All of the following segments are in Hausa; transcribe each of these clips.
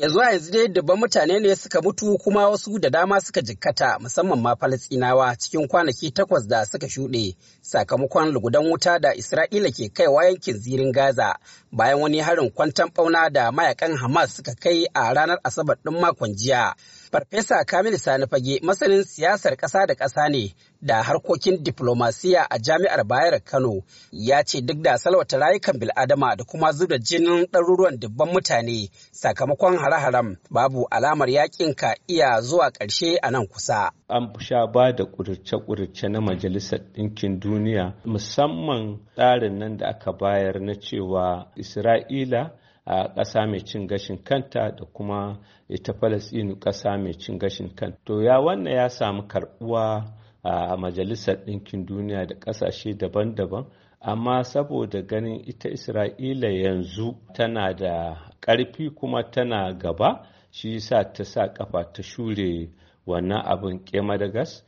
Ya a yanzu dai dabban mutane ne suka mutu kuma wasu da dama suka jikkata musamman ma falastinawa cikin kwanaki takwas da suka shuɗe sakamakon lugudan wuta da Isra'ila ke kaiwa yankin zirin Gaza bayan wani harin kwantan ɓauna da mayakan Hamas suka kai a ranar Asabar ɗin makon jiya. Farfesa Kamil Sani Fage masanin siyasar ƙasa da ƙasa ne da harkokin diflomasiya a jami'ar Bayar Kano ya ce duk da salwata rayukan bil'adama da kuma zuba jinin ɗaruruwan dubban mutane sakamakon hare-haren babu alamar yakin ka iya zuwa ƙarshe a nan kusa. An sha ba da ƙudurce-ƙudurce na Majalisar Ɗinkin Duniya musamman tsarin nan da aka bayar na cewa Isra'ila a ƙasa mai cin gashin kanta da kuma ita Falasɗinu ƙasa mai cin gashin kanta. To ya wannan ya samu karɓuwa a Majalisar Ɗinkin Duniya da ƙasashe daban-daban amma saboda ganin ita Isra'ila yanzu tana da ƙarfi kuma tana gaba shi sa ta sa ƙafa ta shure wannan abin ƙe madagas?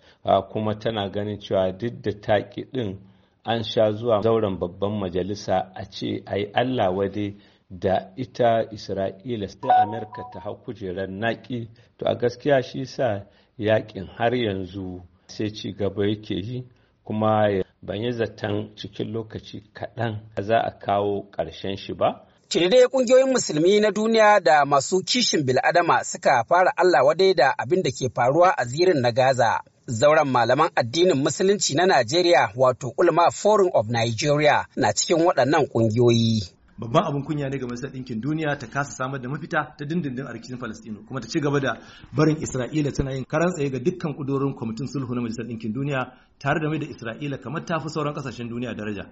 kuma tana ganin cewa duk da taƙi ɗin an sha zuwa zauren babban majalisa a ce ai Allah wade da ita isra'ila sai amerika ta hau kujerar naƙi to a gaskiya shi sa yakin har yanzu sai ci gaba yake yi kuma ban yi zaton cikin lokaci kaɗan za a kawo ƙarshen shi ba Cirire kungiyoyin musulmi na duniya da masu kishin bil'adama suka fara Allah wadai da abin da ke faruwa a zirin na Gaza. zauren malaman addinin musulunci na Najeriya wato Ulma Forum of Nigeria na cikin waɗannan ƙungiyoyi. babban abin kunya ne ga majalisar ɗinkin duniya ta kasa samar da mafita ta dindindin a rikicin falastino kuma ta ci gaba da barin isra'ila tana yin karan tsaye ga dukkan kudurorin kwamitin sulhu na majalisar ɗinkin duniya tare da mai da isra'ila kamar ta fi sauran kasashen duniya daraja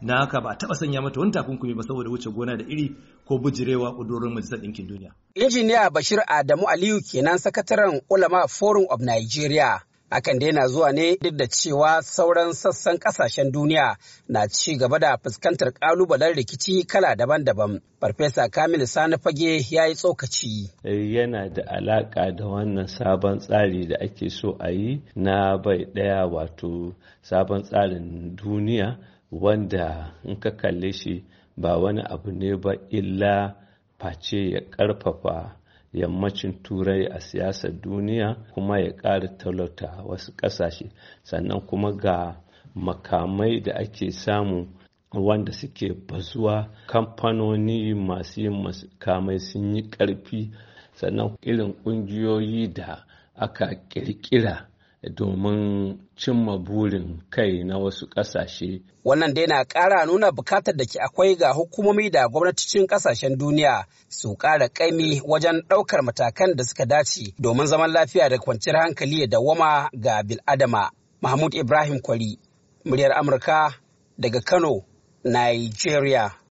na haka ba a taɓa sanya mata wani takunkumi ba saboda wuce gona da iri ko bujirewa ƙudurorin majalisar ɗinkin duniya. injiniya bashir adamu aliyu kenan sakataren ulama forum of nigeria Akan dai na zuwa ne duk da cewa sauran sassan kasashen duniya na ci gaba da fuskantar kalubalen rikici kala daban-daban. Farfesa Kamil Sani Fage ya yi tsokaci. Eh, yana da alaka da wannan sabon tsari da ake so a yi na bai ɗaya wato sabon tsarin duniya wanda in ka kalle shi ba wani abu ne ba illa face ya ƙarfafa yammacin turai a siyasar duniya kuma ya ƙara talauta wasu ƙasashe sannan kuma ga makamai da ake samu wanda suke bazuwa kamfanoni masu yin makamai sun yi ƙarfi sannan irin ƙungiyoyi da aka ƙirƙira domin cimma burin kai na wasu ƙasashe. Wannan dai na ƙara nuna bukatar da ke akwai ga hukumomi da gwamnatocin ƙasashen duniya su ƙara ƙaimi wajen ɗaukar matakan da suka dace domin zaman lafiya da kwanciyar hankali da dawwama ga bil'adama. Mahmud Ibrahim Kwari, muryar Amurka daga Kano, Nigeria.